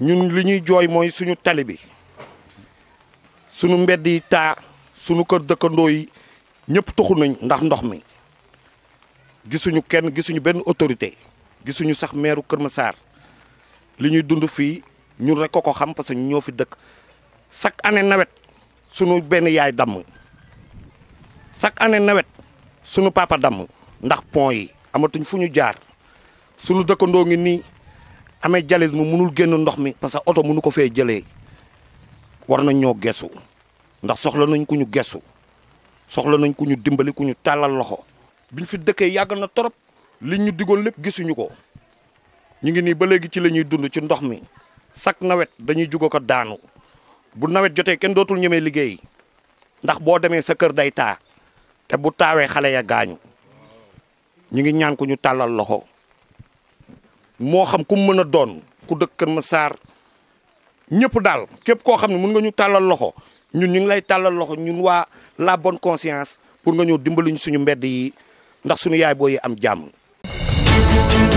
ñun li ñuy jooy mooy suñu tali bi suñu mbedd yi taa suñu kër dëkkandoo yi ñëpp toxu nañ ndax ndox mi gisuñu kenn gisuñu benn autorité gisuñu sax meeru Kër Massar li ñuy dund fii ñun rekk ko xam parce que ñoo fi dëkk chaque année nawet suñu benn yaay damm chaque année nawet suñu papa damm ndax pont yi amatuñ fu ñu jaar suñu dëkkandoo ngi nii amee jalis mu munul génn ndox mi parce que oto munu ko fee jëlee war nañ ñoo gesu ndax soxla nañ ku ñu gesu soxla nañ ku ñu dimbali ku ñu tàllal loxo biñ fi dëkkee yàggal na torop li ñu digoon lépp gisuñu ko ñu ngi nii ba léegi ci la ñuy dund ci ndox mi chaque nawet dañuy jugo ko daanu bu nawet jotee kenn dootul ñemee liggéey ndax boo demee sa kër day taa te bu taawee xale ya gaañu ñu ngi ñaan ku ñu tàllal loxo moo xam ku mu mën a doon ku dëkk Kër Massar ñëpp daal képp koo xam ne mun nga ñu tàllal loxo ñun ñu ngi lay tàllal loxo ñun waa la bonne conscience pour nga ñëw dimbali ñu suñu mbedd yi ndax suñu yaay boo yi am jàmm.